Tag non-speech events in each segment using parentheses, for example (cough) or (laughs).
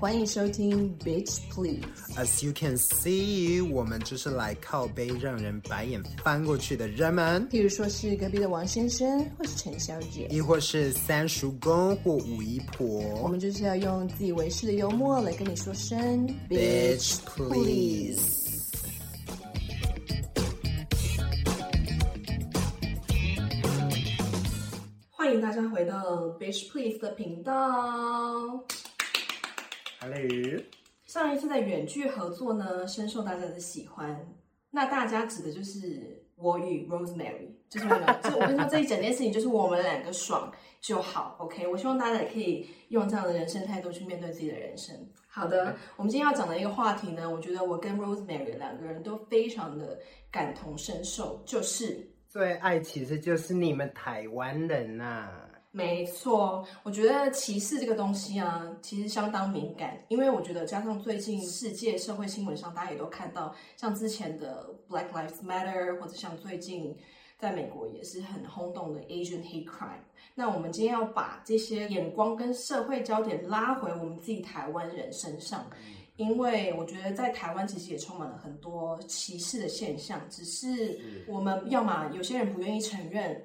歡迎收聽 Bitch Please。As you can see，我們就是來靠北讓人白眼翻過去的人們。譬如說是隔壁的王先生，或是陳小姐，亦或是三叔公或五姨婆。我們就是要用自以為是的幽默來跟你說聲 Bitch Please。歡迎大家回到 Bitch Please 的頻道。Hello. 上一次的遠距合作呢，深受大家的喜歡。那大家指的就是我與 Rosemary，就是 (laughs) 就我跟你說這一整件事情，就是我們兩個爽就好。OK，我希望大家也可以用這樣的人生態度去面對自己的人生。好的，Okay. 我們今天要講的一個話題呢，我覺得我跟 Rosemary 兩個人都非常的感同身受，就是最愛其實就是你們台灣人吶、啊。沒錯，我覺得歧視這個東西啊，其實相當敏感，因為我覺得加上最近世界社會新聞上，大家也都看到，像之前的 Black Lives Matter，或者像最近在美國也是很轟動的 Asian Hate Crime。那我們今天要把這些眼光跟社會焦點拉回我們自己台灣人身上，因為我覺得在台灣其實也充滿了很多歧視的現象，只是我們要麼有些人不願意承認。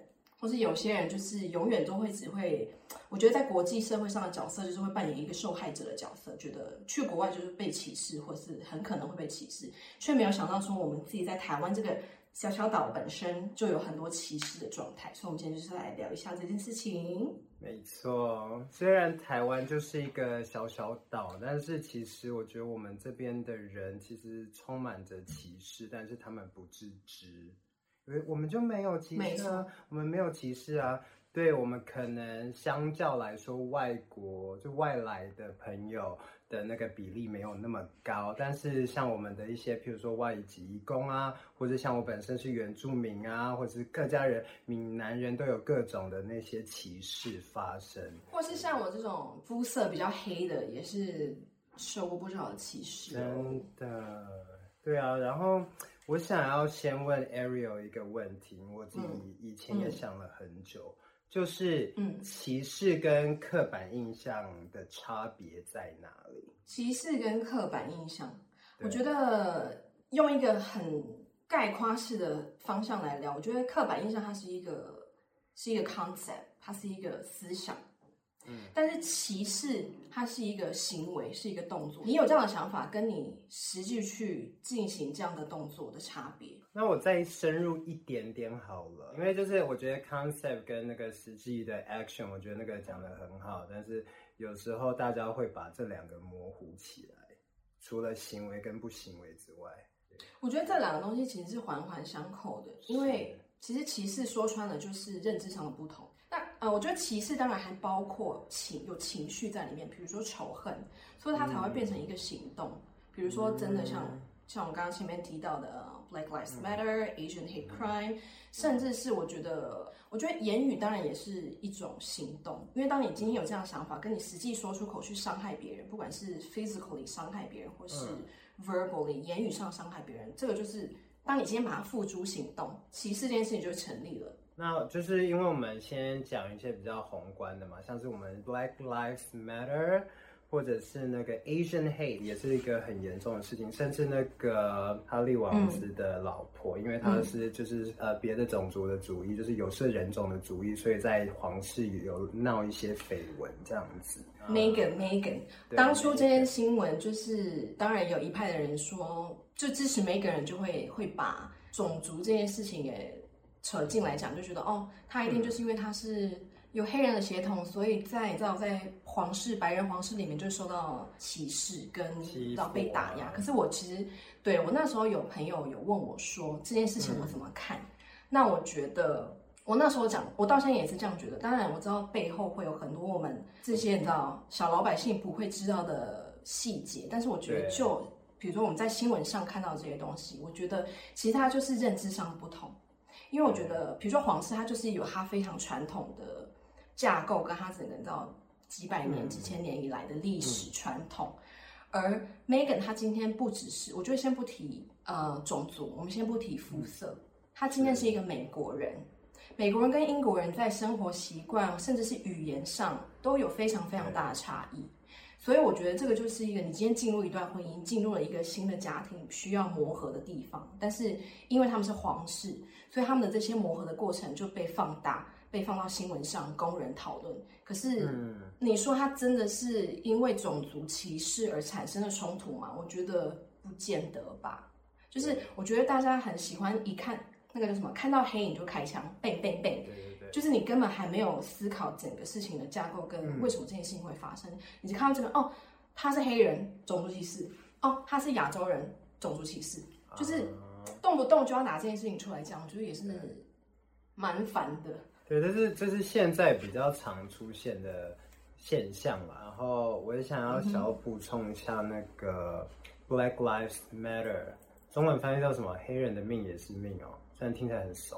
或是有些人就是永遠都會只會，我覺得在國際社會上的角色就是會扮演一個受害者的角色，覺得去國外就是被歧視，或是很可能會被歧視，卻沒有想到說我們自己在台灣這個小小島本身就有很多歧視的狀態，所以我們今天就是來聊一下這件事情。沒錯，雖然台灣就是一個小小島，但是其實我覺得我們這邊的人其實充滿着歧視，但是他們不自知。我們就沒有歧視啊，啊我們沒有歧視啊。對我們可能相較來說，外國就外來的朋友的那個比例沒有那麼高，但是像我們的一些，譬如說外籍移工啊，或者像我本身是原住民啊，或者是客家人、閩南人都有各種的那些歧視發生。或是像我這種膚色比較黑的，也是受過不少的歧視。真的，對啊，然後。我想要先問 Ariel 一個問題，我自己以前也想了很久，嗯、就是歧視跟刻板印象的差別在哪裡？歧視跟刻板印象，對我覺得用一個很概括式的方向來聊，我覺得刻板印象它是一個是一個 concept，它是一個思想。嗯，但是歧視它是一個行為，是一個動作。你有這樣的想法，跟你實際去進行這樣的動作的差別。那我再深入一點點好了，因為就是我覺得 concept 跟那個實際的 action，我覺得那個講得很好。但是有時候大家會把這兩個模糊起來，除了行為跟不行為之外，我覺得這兩個東西其實是環環相扣的。是因為其實歧視說穿了就是認知上的不同。那呃，我覺得歧視當然還包括情，有情緒在裡面，比如說仇恨，所以它才會變成一個行動。Mm hmm. 比如說，真的像像我們剛剛前面提到的 Black Lives Matter、Asian Hate Crime，mm hmm. 甚至是我覺得，我覺得言語當然也是一種行動，因為當你今天有這樣的想法，跟你實際說出口去傷害別人，不管是 physically 傷害別人，或是 verbally 言語上傷害別人，這個就是當你今天把它付諸行動，歧視這件事情就成立了。那就是因為我們先講一些比較宏觀的嘛，像是我們 Black Lives Matter，或者是那個 Asian Hate，也是一個很嚴重的事情。甚至那個哈利王子的老婆，嗯、因為她是就是、嗯就是、呃別的種族的主義，就是有色人種的主義，所以在皇室也有鬧一些緋聞這樣子。Megan，Megan，當初這些新聞就是，當然有一派的人說，就支持每個人就會會把種族這件事情給。扯進來講，就覺得哦，他一定就是因為他是有黑人的血統，嗯、所以在在在皇室白人皇室裡面就受到歧視跟到、啊、被打壓。可是我其實對我那時候有朋友有問我說這件事情我怎麼看？嗯、那我覺得我那時候講，我到現在也是這樣覺得。當然我知道背後會有很多我們這些你知道小老百姓不會知道的細節，但是我覺得就對比如說我們在新聞上看到這些東西，我覺得其實它就是認知上的不同。因為我覺得，比如說皇室，它就是有它非常傳統的架構，跟它整個到幾百年、幾千年以來的歷史傳統。而 Megan 她今天不只是，我就先不提呃種族，我們先不提膚色，她今天是一個美國人。美國人跟英國人在生活習慣，甚至是語言上，都有非常非常大的差異。所以我覺得這個就是一個你今天進入一段婚姻，進入了一個新的家庭，需要磨合的地方。但是因為他們是皇室。所以他們的這些磨合的過程就被放大，被放到新聞上供人討論。可是，你說他真的是因為種族歧視而產生的衝突嗎？我覺得不見得吧。就是我覺得大家很喜歡一看那個叫什麼，看到黑影就開槍，bang bang bang。對對對。就是你根本還沒有思考整個事情的架構跟為什麼這件事情會發生，嗯、你就看到這個哦，他是黑人種族歧視，哦，他是亞洲人種族歧視，就是。Uh huh. 動不動就要拿這件事情出來講，我覺得也是蠻煩的。對，但是這是現在比較常出現的現象嘛。然後我也想要小補充一下，那個 Black Lives Matter、嗯、哼中文翻譯叫什麼？黑人的命也是命哦、喔，雖然聽起來很慫。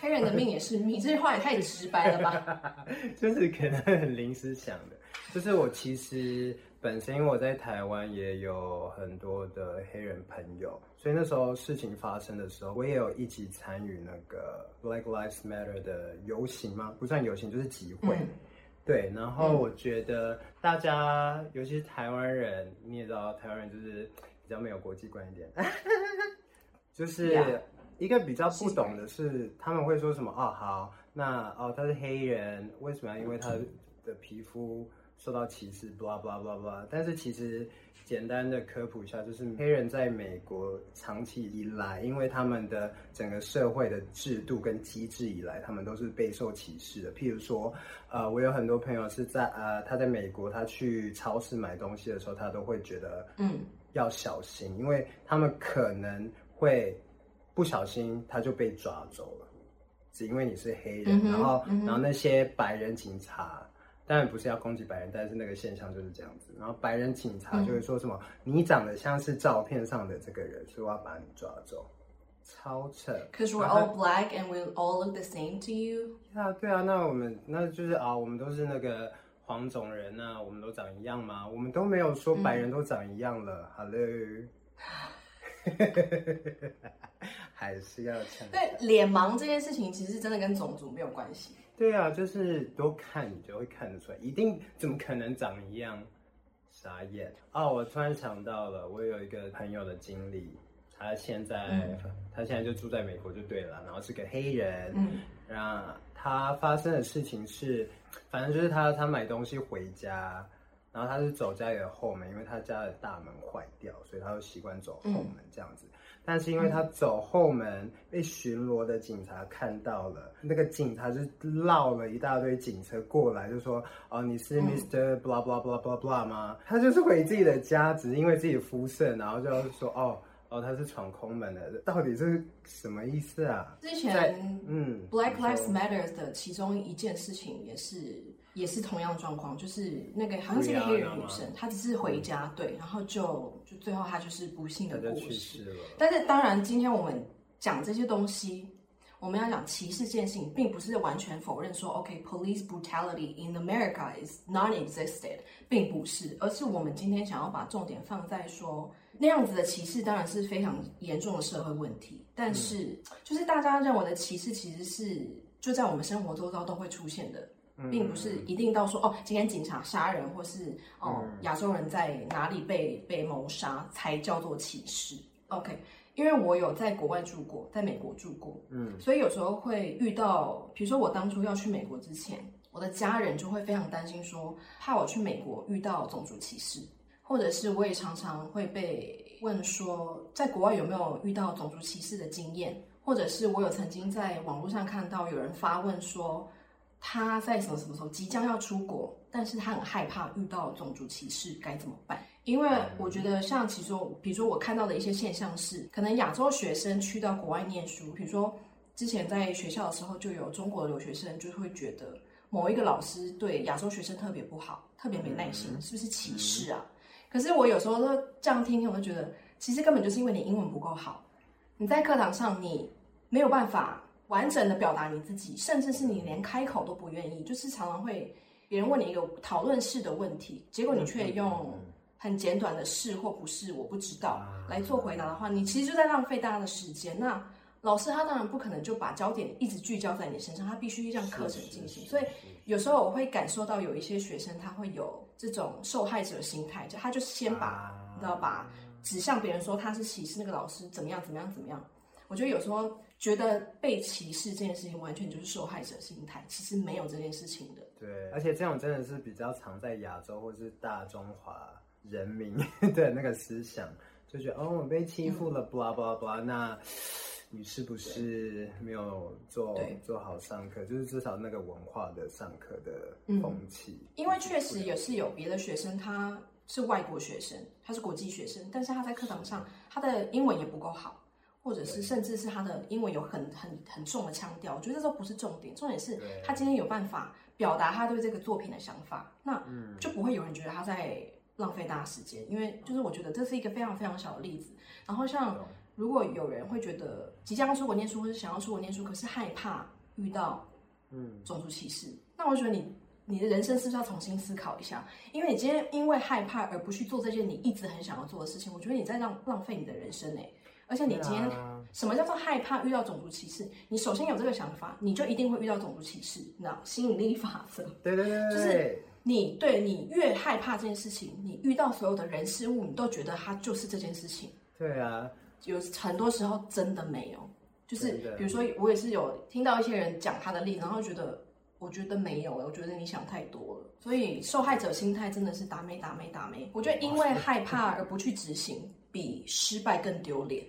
黑人的命也是命， (laughs) 這句話也太直白了吧？ (laughs) 就是可能很臨時想的，就是我其實。本身因為我在台灣也有很多的黑人朋友，所以那時候事情發生的時候，我也有一起參與那個 Black Lives Matter 的遊行嘛，不算遊行就是集會。嗯、對，然後我覺得大家，尤其是台灣人，你也知道台灣人就是比較沒有國際觀點， (laughs) 就是一個比較不懂的是，是他們會說什麼？哦，好，那哦，他是黑人，為什麼？因為他的皮膚。受到歧視，blah blah blah blah。但是其實簡單的科普一下，就是黑人在美國長期以來，因為他們的整個社會的制度跟機制以來，他們都是備受歧視的。譬如說，呃，我有很多朋友是在呃他在美國，他去超市買東西的時候，他都會覺得嗯要小心，因為他們可能會不小心他就被抓走了，只因為你是黑人。嗯嗯、然後，然後那些白人警察。當然不是要攻擊白人，但是那個現象就是這樣子。然後白人警察就會說什麼：“嗯、你長得像是照片上的這個人，所以我要把你抓走。”超扯。Cause we're all black and we all look the same to you。啊，對啊，那我們那就是啊，我們都是那個黃種人啊，我們都長一樣嘛，我們都沒有說白人都長一樣了。好嘞、嗯，Hello (laughs) 還是要扯。對，臉盲這件事情其實真的跟種族沒有關係。對啊，就是多看你就會看得出來，一定怎麼可能長一樣，傻眼。哦，我突然想到了，我有一個朋友的經歷，他現在、嗯、他現在就住在美國就對了，然後是個黑人，那、嗯、他發生的事情是，反正就是他他買東西回家，然後他是走家裡的後門，因為他家的大門壞掉，所以他就習慣走後門、嗯、這樣子。但是因為他走後門，被巡邏的警察看到了，嗯、那個警察就繞了一大堆警車過來，就說：“哦，你是 Mr.、嗯 blah、blah blah blah blah blah 嗎？”他就是回自己的家，只是因為自己膚色，然後就說哦：“哦，哦，他是闖空門的，到底是什麼意思啊？”之前，嗯，Black Lives Matter 的其中一件事情也是。也是同樣的狀況，就是那個好像是個黑人女生，她 We are 只是回家、嗯、對，然後就就最後她就是不幸的故事。但是當然，今天我們講這些東西，我們要講歧視見性，並不是完全否認說，OK，police brutality in America is non-existent，並不是，而是我們今天想要把重點放在說，那樣子的歧視當然是非常嚴重的社會問題。但是就是大家認為的歧視，其實是就在我們生活周遭都會出現的。並不是一定到說哦，今天警察殺人，或是哦，亞洲人在哪裡被被謀殺才叫做歧視。OK，因為我有在國外住過，在美國住過，嗯，所以有時候會遇到，比如說我當初要去美國之前，我的家人就會非常擔心說，怕我去美國遇到種族歧視，或者是我也常常會被問說，在國外有沒有遇到種族歧視的經驗，或者是我有曾經在網絡上看到有人發問說。他在什麼什麼時候即將要出國，但是他很害怕遇到種族歧視，該怎麼辦？因為我覺得，像其實，比如說我看到的一些現象是，可能亞洲學生去到國外念書，比如說之前在學校的時候，就有中國的留學生就會覺得某一個老師對亞洲學生特別不好，特別沒耐心，是不是歧視啊？可是我有時候都這樣聽聽，我就覺得，其實根本就是因為你英文不夠好，你在課堂上你沒有辦法。完整的表達你自己，甚至是你連開口都不願意，就是常常會別人問你一個討論式的問題，結果你卻用很簡短的“是”或“不是”，我不知道來做回答的話，你其實就在浪費大家的時間。那老師他當然不可能就把焦點一直聚焦在你身上，他必須讓課程進行。是是是是是，所以有時候我會感受到有一些學生他會有這種受害者心態，就他就先把、啊、你知道吧，指向別人說他是歧視那個老師，怎麼樣怎麼樣怎麼樣。我覺得有時候。覺得被歧視這件事情完全就是受害者心態，其實沒有這件事情的。對，而且這種真的是比較常在亞洲或是大中華人民對那個思想，就覺得哦，我被欺負了、嗯 blah blah blah，那你是不是沒有做對做好上課？就是至少那個文化的上課的風氣。嗯、因為確實也是有別的學生，他是外國學生，他是國際學生，但是他在課堂上他的英文也不夠好。或者是甚至是他的英文有很很很重的腔調，我覺得這都不是重點，重點是他今天有辦法表達他對這個作品的想法，那就不會有人覺得他在浪費大家時間，因為就是我覺得這是一個非常非常小的例子。然後像如果有人會覺得即將要出國念書或是想要出國念書，可是害怕遇到嗯種族歧視，嗯、那我覺得你你的人生是不是要重新思考一下？因為你今天因為害怕而不去做這件你一直很想要做的事情，我覺得你在浪浪費你的人生誒、欸而且你今天什麼叫做害怕遇到種族歧視？啊，你首先有這個想法，你就一定會遇到種族歧視。那吸引力法則，對對對，就是你對你越害怕這件事情，你遇到所有的人事物，你都覺得他就是這件事情。對啊，有很多時候真的沒有，就是的比如說我也是有聽到一些人講他的例子，然後覺得我覺得沒有誒，我覺得你想太多了。所以受害者心態真的是達咩達咩達咩。我覺得因為害怕而不去執行，比失敗更丟臉。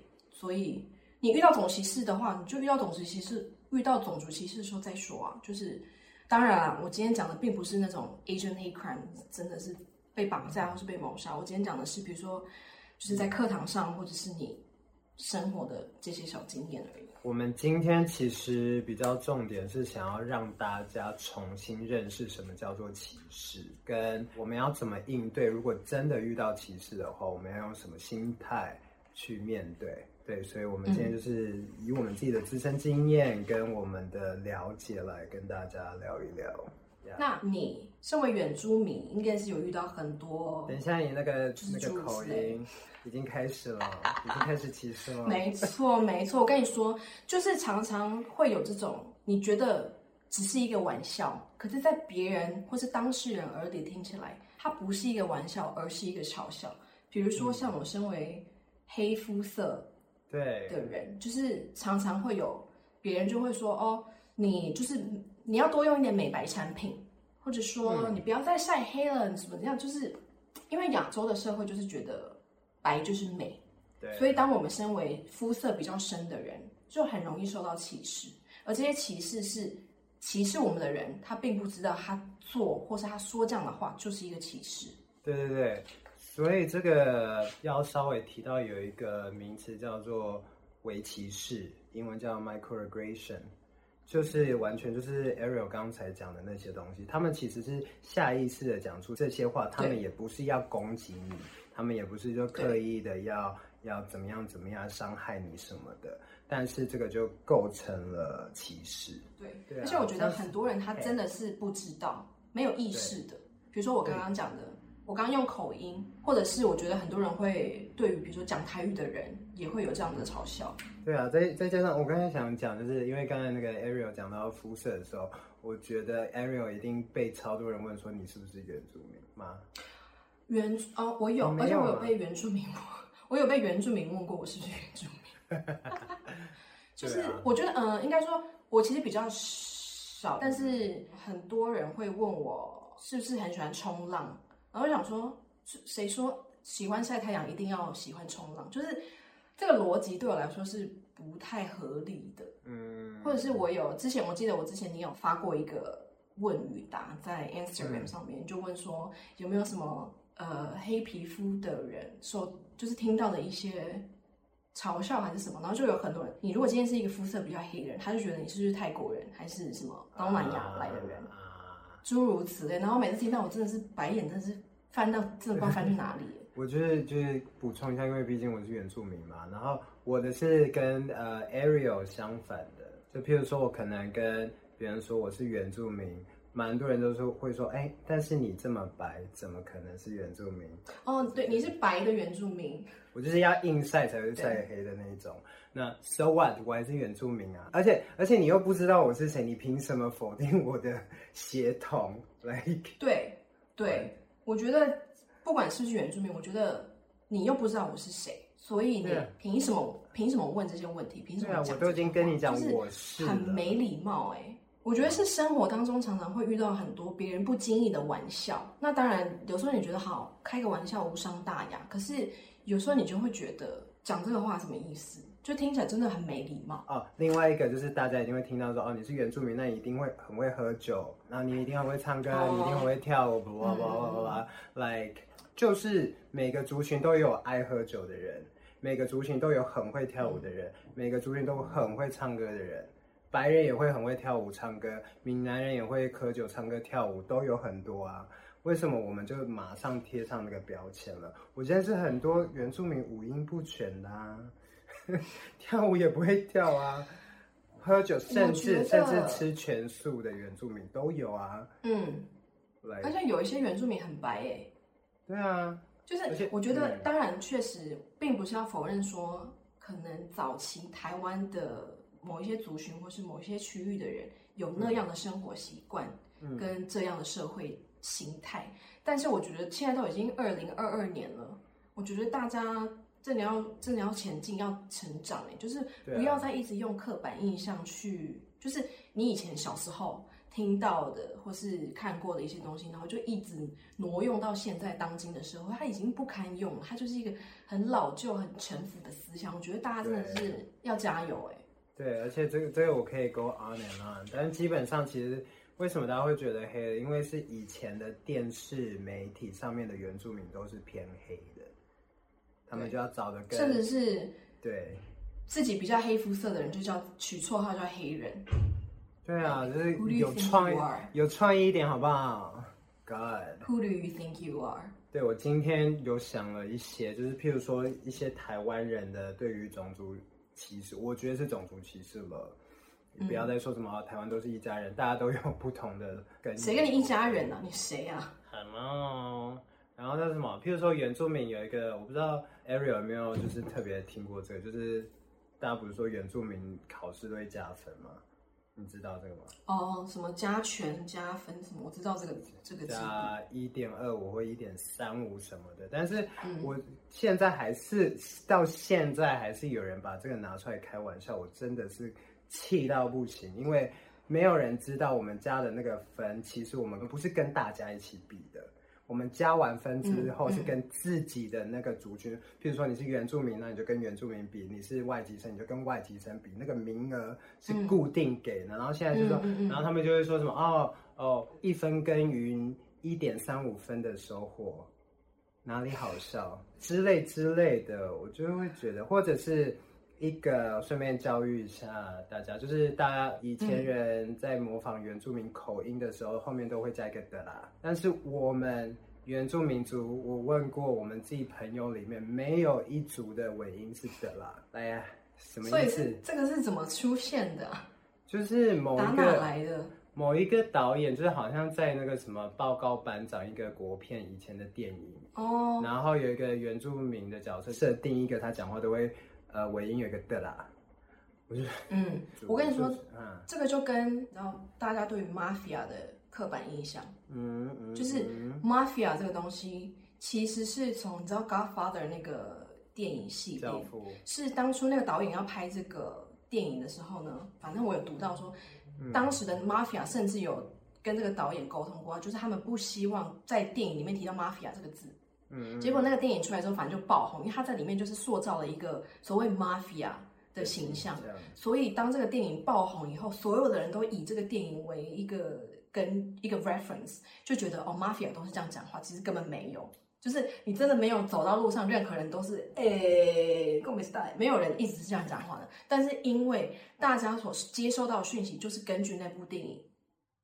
所以你遇到種族歧視的話，你就遇到種族歧視，遇到種族歧視的時候再說啊。就是當然啦，我今天講的並不是那種 Asian hate crime，真的是被綁架或是被謀殺。嗯。我今天講的是，比如說就是在課堂上或者是你生活的這些小經驗而已。我們今天其實比較重點是想要讓大家重新認識什麼叫做歧視，跟我們要怎麼應對。如果真的遇到歧視的話，我們要用什麼心態去面對？對，所以，我們今天就是以我們自己的自身經驗跟我們的了解來跟大家聊一聊。Yeah. 那你身為原住民，應該是有遇到很多。等一下，你那個那個口音已經開始了，已經開始歧視了。沒錯，沒錯。我跟你說，就是常常會有這種，你覺得只是一個玩笑，可是在別人或是當事人耳裡聽起來，它不是一個玩笑，而是一個嘲笑。比如說，像我身為黑膚色。嗯對的人就是常常會有別人就會說哦，你就是你要多用一點美白產品，或者說、嗯、你不要再曬黑了，什麼這樣？就是因為亞洲的社會就是覺得白就是美，對所以當我們身為膚色比較深的人，就很容易受到歧視，而這些歧視是歧視我們的人，他並不知道他做或是他說這樣的話就是一個歧視。對對對。所以這個要稍微提到有一個名詞叫做“微歧視”，英文叫 “microaggression”，就是完全就是 Ariel 剛才講的那些東西。他們其實是下意識的講出這些話，他們也不是要攻擊你，對他們也不是就刻意的要對要怎麼樣怎麼樣傷害你什麼的。但是這個就構成了歧視。對，對啊，而且我覺得很多人他真的是不知道，嘿沒有意識的。對比如說我剛剛講的。我剛剛用口音，或者是我覺得很多人會對於比如說講台語的人也會有這樣的嘲笑。對啊，再再加上我剛才想講，就是因為剛才那個 Ariel 講到膚色的時候，我覺得 Ariel 一定被超多人問說你是不是原住民嗎？原呃、哦，我有，哦、有，而且我有被原住民問，我有被原住民問過我是不是原住民。 (laughs) 就是我覺得，嗯、啊呃，應該說，我其實比較少，但是很多人會問我是不是很喜歡衝浪。然後我想說，誰說喜歡曬太陽一定要喜歡衝浪？就是這個邏輯對我來說是不太合理的。嗯，或者是我有之前，我記得我之前你有發過一個問與答在 Instagram 上面，就問說有沒有什麼呃黑皮膚的人說，就是聽到的一些嘲笑還是什麼？然後就有很多人，你如果今天是一個膚色比較黑的人，他就覺得你是不是泰國人還是什麼東南亞來的人，諸如此類。然後每次聽到，我真的是白眼，真的是。翻到真的不知道翻去哪裡？ (laughs) 我就是就是補充一下，因為畢竟我是原住民嘛。然後我的是跟呃、uh, Ariel 相反的，就譬如說我可能跟別人說我是原住民，蠻多人都說會說：“哎、欸，但是你這麼白，怎麼可能是原住民？”哦，oh, 對，你是白的原住民。我就是要硬曬才會曬黑的那種。對那 So what？我還是原住民啊！而且而且你又不知道我是誰，你憑什麼否定我的血統？Like 對對。對我覺得，不管是不是原住民，我覺得你又不知道我是誰，所以你憑什麼？啊、憑什麼問這些問題？憑什麼講這件、啊？我都已經跟你講我是，就是很沒禮貌誒、欸。我覺得是生活當中常常會遇到很多別人不經意的玩笑，啊、那當然有時候你覺得好，開個玩笑無傷大雅，可是有時候你就會覺得講這個話什麼意思？就聽起來真的很沒禮貌哦。另外一個就是大家一定會聽到說哦，你是原住民，那你一定會很會喝酒，然後你一定很會唱歌，哦、你一定很會跳舞，blah blah blah blah！Like，就是每個族群都有愛喝酒的人，每個族群都有很會跳舞的人，嗯、每個族群都很會唱歌的人。白人也會很會跳舞、唱歌，閩南人也會喝酒、唱歌、跳舞，都有很多啊。為什麼我們就馬上貼上那個標籤了？我覺得是很多原住民五音不全的，啊。跳舞也不會跳啊，喝酒甚至甚至吃全素的原住民都有啊。嗯，來，而且有一些原住民很白欸，對啊，就是。我覺得，當然確實，並不是要否認說，可能早期台灣的某一些族群或是某一些區域的人有那樣的生活習慣，跟這樣的社會形態。嗯，嗯，但是我覺得現在都已經二零二二年了，我覺得大家。這你要，這你要前進，要成長哎，就是不要再一直用刻板印象去，啊、就是你以前小時候聽到的或是看過的一些東西，然後就一直挪用到現在當今的社會，它已經不堪用了，它就是一個很老舊、很陳腐的思想。我覺得大家真的是要加油哎。對，而且這個這個我可以 go on and on，但基本上其實為什麼大家會覺得黑了，因為是以前的電視媒體上面的原住民都是偏黑。他們就要找的，甚至是對自己比較黑膚色的人，就叫取綽號叫黑人。對啊，like, 就是有創意，有創意一點，好不好？God，who do you think you are？對，我今天有想了一些，就是譬如說一些台灣人的對於種族歧視，我覺得是種族歧視了。嗯、不要再說什麼台灣都是一家人，大家都有不同的感覺。誰跟你一家人呢、啊？你誰呀？Hello。然後那什麼，譬如說原住民有一個，我不知道 Ariel 有沒有就是特別聽過這個，就是大家不是說原住民考試都會加分嗎？你知道這個嗎？哦，什麼加權加分什麼？我知道這個這個 加一點二五或一點三五什麼的，但是我現在還是到現在還是有人把這個拿出來開玩笑，我真的是氣到不行，因為沒有人知道我們家的那個分，其實我們不是跟大家一起比的。我們加完分之後是跟自己的那個族群，譬、嗯嗯、如說你是原住民那你就跟原住民比；你是外籍生，你就跟外籍生比。那個名額是固定給的，嗯、然後現在就說，嗯嗯嗯然後他們就會說什麼哦哦，一分耕耘一點三五分的收穫，哪裡好笑之類之類的，我就會覺得，或者是。一個順便教育一下大家，就是大家以前人在模仿原住民口音的時候，嗯、後面都會加一個的啦。但是我們原住民族，我問過我們自己朋友裡面，沒有一族的尾音是的啦。 (laughs) 來、啊，什麼意思？這個是怎麼出現的、啊？就是某一個來的，某一個導演，就是好像在那個什麼報告班長一個國片以前的電影哦，然後有一個原住民的角色設定，一個他講話都會。呃，尾音有一個的啦，我覺得，嗯，我跟你說，嗯，這個就跟然後大家對於 mafia 的刻板印象，嗯嗯，嗯就是 mafia 這個東西，其實是從你知道 Godfather 那個電影系列，教父，是當初那個導演要拍這個電影的時候呢，反正我有讀到說，當時的 mafia 甚至有跟這個導演溝通過，就是他們不希望在電影裡面提到 mafia 這個字。嗯，嗯，結果那個電影出來之後，反正就爆紅，因為他在裡面就是塑造了一個所謂 mafia 的形象，嗯、所以當這個電影爆紅以後，所有的人都以這個電影為一個跟一個 reference，就覺得哦 mafia 都是這樣講話，其實根本沒有，就是你真的沒有走到路上，任何人都是誒、共、欸、事沒有人一直是這樣講話的，但是因為大家所接收到的訊息就是根據那部電影。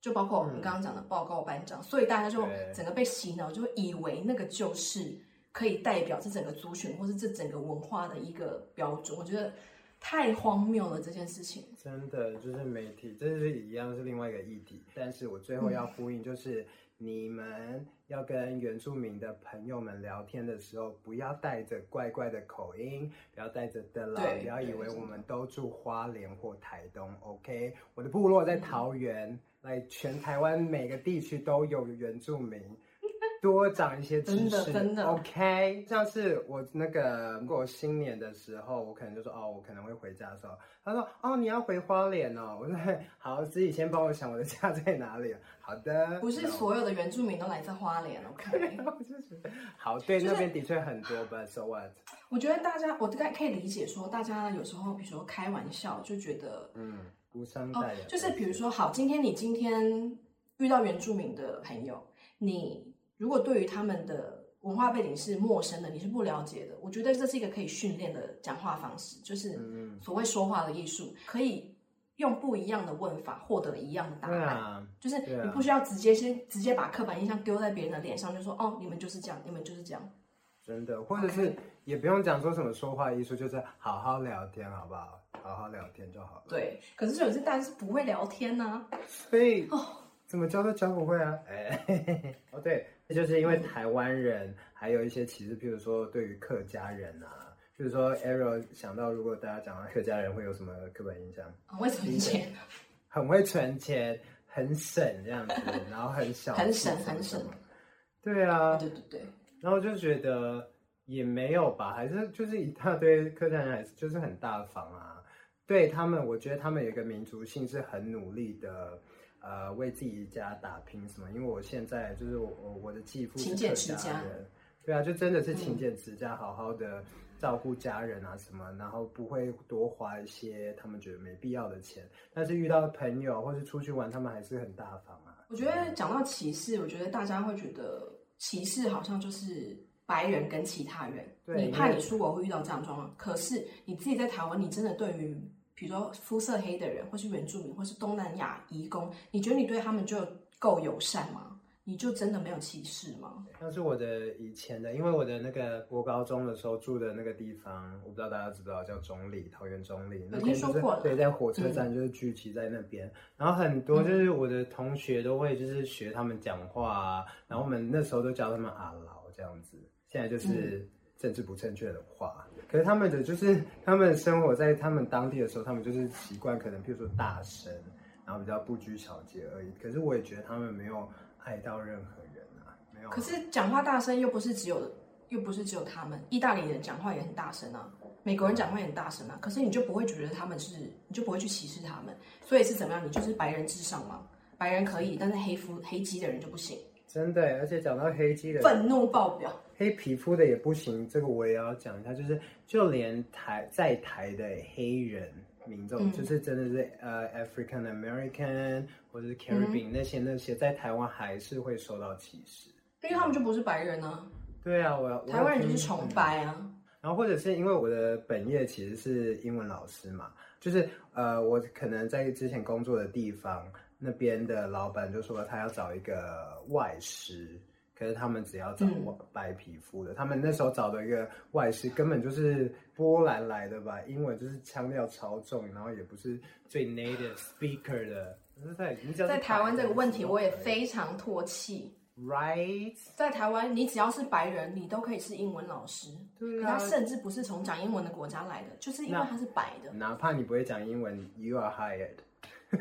就包括我們剛剛講的報告班長，嗯、所以大家就整個被洗腦，就會以為那個就是可以代表這整個族群或是這整個文化的一個標準。我覺得太荒謬了、嗯、這件事情。真的就是媒體，這是一樣是另外一個議題。但是我最後要呼應，就是、嗯、你們要跟原住民的朋友們聊天的時候，不要帶着怪怪的口音，不要帶着的啦，不對要以為我們都住花蓮或台東，OK？我的部落在桃園。嗯來，全台灣每個地區都有原住民， (laughs) 多長一些知識，真的真的。真的 OK，上次我那個過新年的時候，我可能就說哦，我可能會回家的時候，他說哦，你要回花蓮哦，我說好，自己先幫我想我的家在哪裡。好的，不是所有的原住民都來自花蓮，OK。 (laughs) 好，對，就是、那邊的確很多，But so what？我覺得大家，我大概可以理解說，說大家有時候，比如說開玩笑，就覺得嗯。不、oh, 就是比如說，好，今天你今天遇到原住民的朋友，你如果對於他們的文化背景是陌生的，你是不了解的，我覺得這是一個可以訓練的講話方式，就是所謂說話的藝術，可以用不一樣的問法獲得一樣的答案，嗯、就是你不需要直接先直接把刻板印象丟在別人的臉上，就說哦，你們就是這樣，你們就是這樣。真的，或者是也不用講說什麼說話藝術，Okay. 就是好好聊天，好不好？好好聊天就好了。對，可是有些大家是不會聊天呢、啊。所以，oh. 怎麼教都教不會啊！哎、欸， (laughs) 哦對，那就是因為台灣人還有一些其實，譬、嗯、如說對於客家人啊，比如說 Ariel 想到如果大家講到客家人會有什麼刻板印象？哦、會存錢，很會存錢，很省這樣子， (laughs) 然後很小什麼什麼，很省，很省。對啊、欸。對對對。然後就覺得也沒有吧，還是就是一大堆客家人，還是就是很大方啊。對他們，我覺得他們有一個民族性，是很努力的，呃，為自己一家打拼什麼。因為我現在就是我我的繼父是客家人，勤儉持家。對啊，就真的是勤儉持家，好好的照顧家人啊什麼，嗯、然後不會多花一些他們覺得沒必要的錢。但是遇到的朋友或是出去玩，他們還是很大方啊。我覺得講到歧視，嗯、我覺得大家會覺得。歧視好像就是白人跟其他人，對你怕你出國會遇到這樣的狀況。可是，你自己在台灣，你真的對於比如說膚色黑的人，或是原住民，或是東南亞移工，你覺得你對他們就夠友善嗎？你就真的沒有歧視嗎？那是我的以前的，因為我的那個國高中的時候住的那個地方，我不知道大家知不知道，叫中壢桃園中壢。那就是、已經說過對，在火車站、嗯、就是聚集在那邊，然後很多就是我的同學都會就是學他們講話、啊，嗯、然後我們那時候都教他們阿勞這樣子，現在就是政治不正確的話。嗯、可是他們的就是他們生活在他們當地的時候，他們就是習慣，可能比如說大聲然後比較不拘小節而已。可是我也覺得他們沒有。害到任何人、啊、沒有、啊。可是講話大聲又不是只有，又不是只有他們。意大利人講話也很大聲啊，美國人講話也很大聲啊。嗯、可是你就不會覺得他們是，你就不會去歧視他們？所以是怎麼樣？你就是白人至上嘛，白人可以，嗯、但是黑膚黑肌的人就不行。真的，而且講到黑肌的，憤怒爆表。黑皮膚的也不行，這個我也要講一下，就是就連台在台的黑人。民眾、嗯、就是真的是呃、uh,，African American 或者是 Caribbean 那些、嗯、那些，那些在台灣還是會受到歧視，因為他們就不是白人啊。對啊，我台灣人就是崇白啊、嗯。然後或者是因為我的本業其實是英文老師嘛，就是呃，我可能在之前工作的地方那邊的老板就說他要找一個外師，可是他們只要找白皮膚的，嗯、他們那時候找的一個外師根本就是。波蘭來的吧，英文就是腔調超重，然後也不是最 native speaker 的。在 (laughs) 在台灣這個問題，我也非常唾棄。Right，在台灣，你只要是白人，你都可以是英文老師。對啊，可他甚至不是從講英文的國家來的，就是因為他是白的。哪怕你不會講英文，you are hired。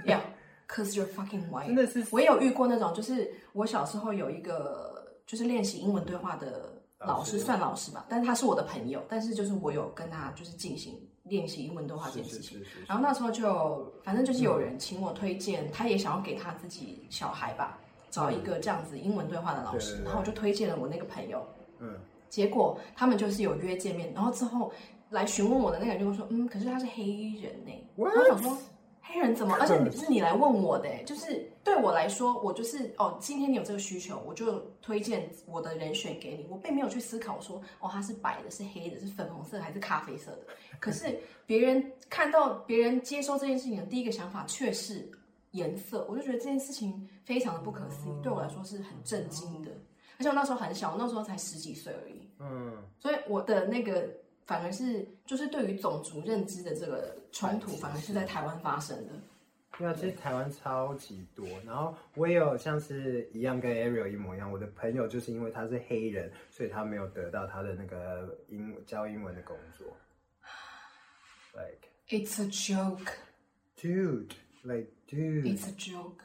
Yeah，cause you're fucking white。真的是，我也有遇過那種，就是我小時候有一個，就是練習英文對話的。嗯老師算老師吧，但他是我的朋友。但是就是我有跟他就是進行練習英文對話這件事情。然後那時候就反正就是有人請我推薦，嗯、他也想要給他自己小孩吧找一個這樣子英文對話的老師。嗯、對對對然後我就推薦了我那個朋友。嗯。結果他們就是有約見面，然後之後來詢問我的那個人就說：“嗯,嗯，可是他是黑人呢、欸。什麼？”我想說黑人怎麼？而且你是你來問我的。 (laughs) 就是對我來說，我就是哦，今天你有這個需求，我就推薦我的人選給你。我並沒有去思考說，哦，它是白的，是黑的，是粉紅色還是咖啡色的。可是別人看到別人接收這件事情的第一個想法卻是顏色，我就覺得這件事情非常的不可思議， (laughs) 對我來說是很震驚的。而且我那時候很小，我那時候才十幾歲而已，嗯， (laughs) 所以我的那個。反而是，就是對於種族認知的這個傳統，反而是在台灣發生的。對啊，其實台灣超級多。對然後我也有像是一樣跟 Ariel 一模一樣，我的朋友就是因為他是黑人，所以他沒有得到他的那個英教英文的工作。Like it's a joke, dude. Like dude, it's a joke.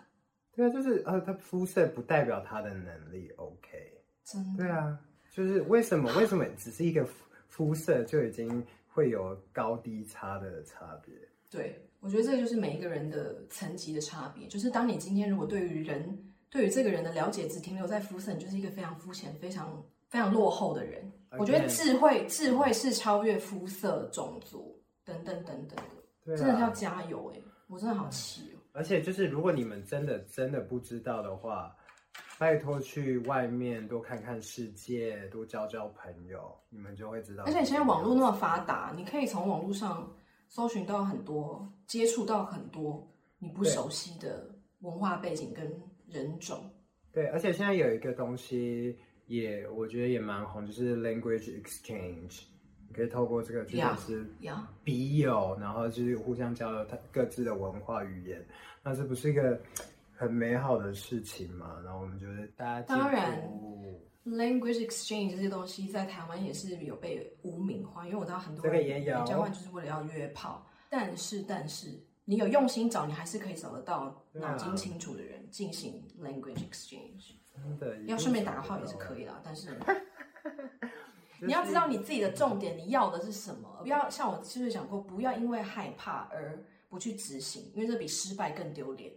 對啊，就是啊，他膚色不代表他的能力。OK，真的對啊，就是為什麼？為什麼只是一個？膚色就已經會有高低差的差別。對，我覺得這個就是每一個人的層級的差別。就是當你今天如果對於人，嗯、對於這個人的了解只停留在膚色，你就是一個非常膚淺、非常非常落後的人。Okay. 我覺得智慧，智慧是超越膚色、種族等等等等的。啊、真的是要加油哎、欸！我真的好氣哦、嗯。而且就是，如果你們真的真的不知道的話。拜托去外面多看看世界，多交交朋友，你們就會知道。而且現在網絡那麼發達，你可以從網絡上搜尋到很多、接觸到很多你不熟悉的文化背景跟人種。對,對，而且現在有一個東西也我覺得也蠻紅，就是 language exchange，你可以透過這個，就像是筆友，yeah, yeah. 然後就是互相交流他各自的文化語言，那這不是一個。很美好的事情嘛，然後我們就是大家。當然，language exchange 這些東西在台灣也是有被污名化，嗯、因為我知道很多人語言交換就是為了要約炮。但是，但是你有用心找，你還是可以找得到腦筋清楚的人進、啊、行 language exchange。真的要順便打個號也是可以啦。嗯、但是，就是、你要知道你自己的重點，你要的是什麼？不要像我之前講過，不要因為害怕而不去執行，因為這比失敗更丟臉。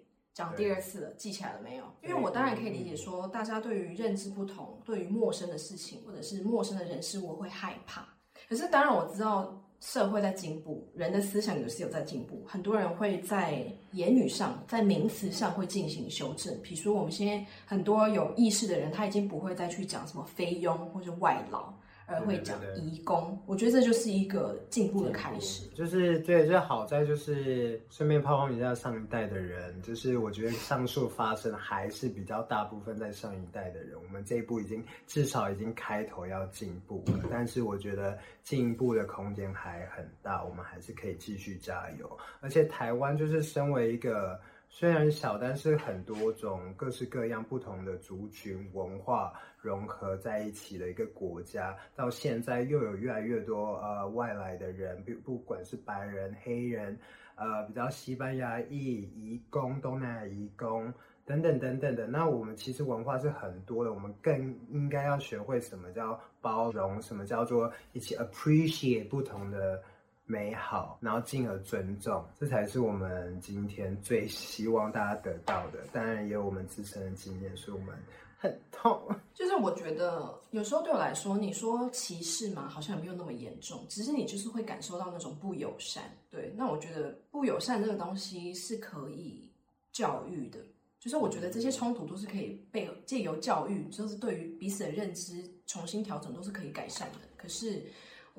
講第二次了，記起來了沒有？因為我當然可以理解說，大家對於認知不同，對於陌生的事情或者是陌生的人事物會害怕。可是，當然我知道社會在進步，人的思想也是有在進步。很多人會在言語上、在名詞上會進行修正。比如說，我們現在很多有意識的人，他已經不會再去講什麼“菲傭”或者“外勞”。而會講移工。對對對，我覺得這就是一個進步的開始。就是對，就是、好在就是順便曝光一下上一代的人。就是我覺得上述發生還是比較大部分在上一代的人。我們這一步已經至少已經開頭要進步了，但是我覺得進步的空間還很大，我們還是可以繼續加油。而且台灣就是身為一個。雖然小，但是很多種各式各樣不同的族群文化融合在一起的一個國家，到現在又有越來越多呃外來的人，不不管是白人、黑人，呃比較西班牙裔移工、東南亞移工等等等等的。那我們其實文化是很多的，我們更應該要學會什麼叫包容，什麼叫做一起 appreciate 不同的。美好，然後進而尊重，這才是我們今天最希望大家得到的。當然，也有我們自身的經驗，所以我們很痛。就是我覺得，有時候對我來說，你說歧視嘛，好像也沒有那麼嚴重，只是你就是會感受到那種不友善。對，那我覺得不友善這個東西是可以教育的，就是我覺得這些衝突都是可以被借由教育，就是對於彼此的認知重新調整，都是可以改善的。可是。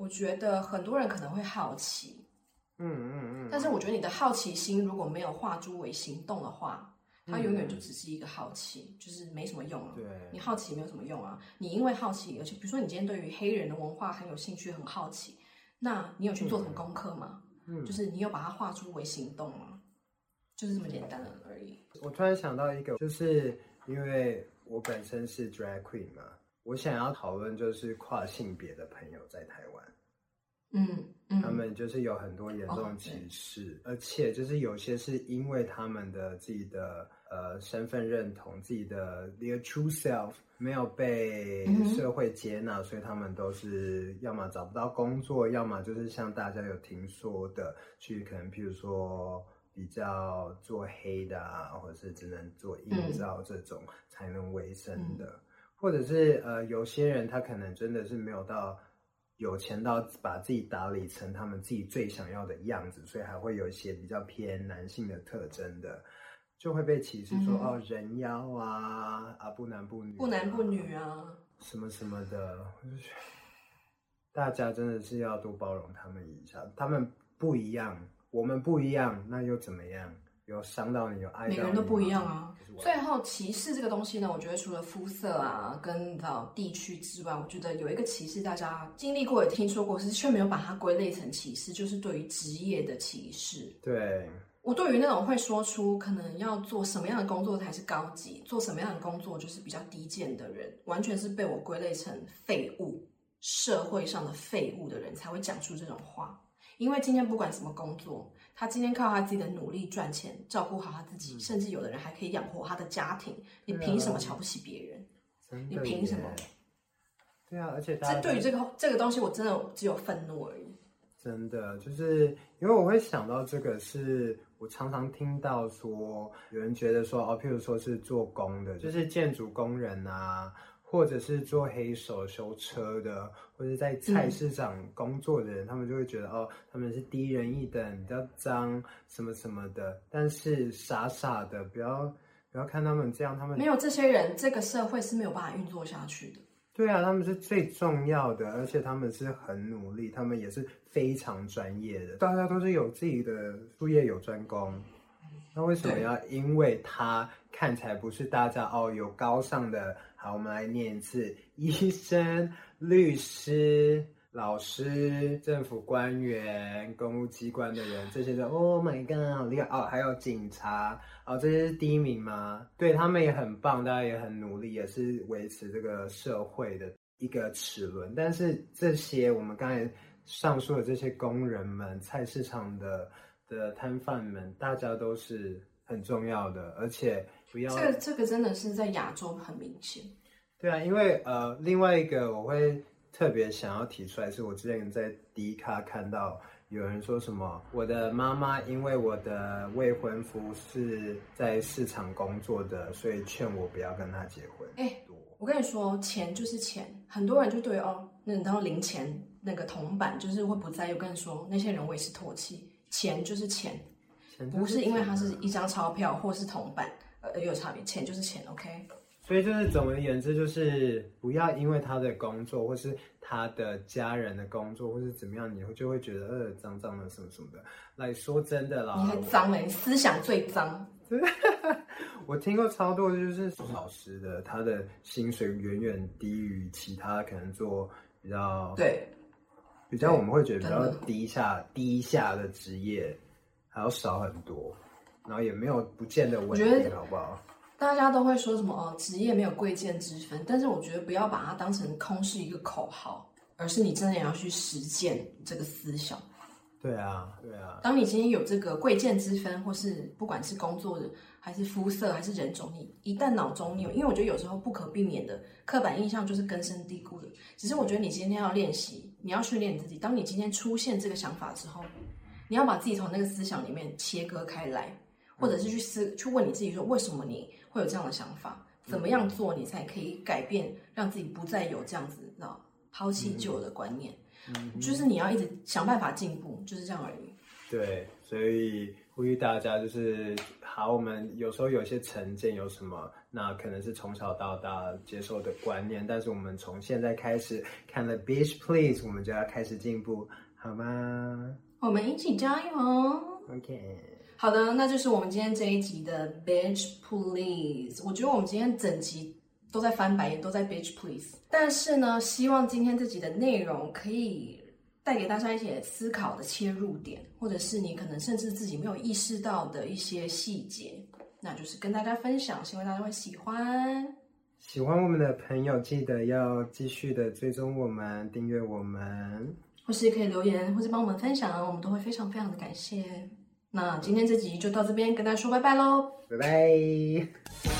我覺得很多人可能會好奇，嗯嗯嗯，嗯嗯但是我覺得你的好奇心如果沒有化諸為行動的話，嗯、它永遠就只是一個好奇，就是沒什麼用啊。對，你好奇沒有什麼用啊。你因為好奇，而且比如說你今天對於黑人的文化很有興趣、很好奇，那你有去做什麼功課嗎？嗯，嗯就是你有把它化諸為行動嗎？就是這麼簡單而已。我突然想到一個，就是因為我本身是 drag queen 嘛，我想要討論就是跨性別的朋友在台灣。嗯，嗯他們就是有很多嚴重歧視，哦、而且就是有些是因為他們的自己的呃身份認同，自己的 their true self 沒有被社會接納，嗯、所以他們都是要麼找不到工作，要麼就是像大家有聽說的，去可能譬如說比較做黑的啊，或者是只能做應召這種才能維生的，嗯嗯、或者是呃有些人他可能真的是沒有到。有錢到把自己打理成他們自己最想要的樣子，所以還會有一些比較偏男性的特徵的，就會被歧視說哦、嗯、人妖啊啊不男不女不男不女啊，不男不女啊什麼什麼的，大家真的是要多包容他們一下，他們不一樣，我們不一樣，那又怎麼樣？有傷到你，有愛你。每人都不一樣啊。嗯、最後，歧視這個東西呢，我覺得除了膚色啊跟到地區之外，我覺得有一個歧視大家經歷過也聽說過，是卻沒有把它歸類成歧視，就是對於職業的歧視。對，我對於那種會說出可能要做什麼樣的工作才是高級，做什麼樣的工作就是比較低賤的人，完全是被我歸類成廢物，社會上的廢物的人才會講出這種話。因為今天不管什麼工作。他今天靠他自己的努力賺錢，照顧好他自己，嗯、甚至有的人還可以養活他的家庭。啊、你憑什麼瞧不起別人？你憑什麼？對啊，而且這對於這個這個東西，我真的只有憤怒而已。真的，就是因為我會想到這個，是我常常聽到說，有人覺得說哦，譬如說是做工的，就是建築工人啊。或者是做黑手修車的，或者在菜市場工作的人，嗯、他們就會覺得哦，他們是低人一等，比較髒什麼什麼的。但是傻傻的，不要不要看他們這樣，他們沒有這些人，這個社會是沒有辦法運作下去的。對啊，他們是最重要的，而且他們是很努力，他們也是非常專業的。大家都是有自己的術業有專攻，那為什麼要？對因為他看起來不是大家哦有高尚的？好，我們來念一次：醫生、律師、老師、政府官員、公務機關的人，這些人，Oh my god，你厲害哦！還有警察哦，這些是第一名嗎？對，他們也很棒，大家也很努力，也是維持這個社會的一個齒輪。但是這些我們剛才上述的這些工人們、菜市場的的攤販們，大家都是很重要的，而且。不要這個、這個真的是在亞洲很明顯，對啊，因為呃，另外一個我會特別想要提出來，是我之前在迪卡看到有人說什麼，我的媽媽因為我的未婚夫是在市場工作的，所以勸我不要跟他結婚。哎、欸，我跟你說，錢就是錢，很多人就對哦，那你當零錢那個銅板就是會不在意，我跟你說那些人我也是唾棄，錢就是錢，錢就是錢不是因為它是一張鈔票或是銅板。呃，有差別，錢就是錢，OK。所以就是，總而言之，就是不要因為他的工作，或是他的家人的工作，或是怎麼樣，你就會覺得呃髒髒的什麼什麼的。來說真的啦，你很髒沒、欸？我你思想最髒。 (laughs) 我聽過超多，就是老師的，他的薪水遠遠低於其他可能做比較對比較我們會覺得比較低下低下的職業，還要少很多。然後也沒有不見得穩定，好不好？大家都會說什麼哦，職業沒有貴賤之分。但是我覺得不要把它當成空是一個口號，而是你真的也要去實踐這個思想。對啊，對啊。當你今天有這個貴賤之分，或是不管是工作的，還是膚色還是人種，你一旦腦中你有，因為我覺得有時候不可避免的刻板印象就是根深蒂固的。只是我覺得你今天要練習，你要訓練自己，當你今天出現這個想法之後，你要把自己從那個思想裡面切割開來。或者是去思去問你自己，說為什麼你會有這樣的想法？怎麼樣做你才可以改變，讓自己不再有這樣子的拋棄舊的觀念？嗯嗯、就是你要一直想辦法進步，就是這樣而已。對，所以呼籲大家，就是好，我們有時候有些成見，有什麼那可能是從小到大接受的觀念，但是我們從現在開始看了 Bitch Please，我們就要開始進步，好嗎？我們一起加油。OK。好的，那就是我們今天這一集的 Bitch Please。我覺得我們今天整集都在翻白眼，都在 Bitch Please。但是呢，希望今天這集的內容可以帶給大家一些思考的切入點，或者是你可能甚至自己沒有意識到的一些細節。那就是跟大家分享，希望大家會喜歡。喜歡我們的朋友，記得要繼續的追蹤我們、訂閱我們，或是可以留言，或是幫我們分享，我們都會非常非常的感謝。那今天這集就到這邊，跟大家說拜拜嘍！拜拜。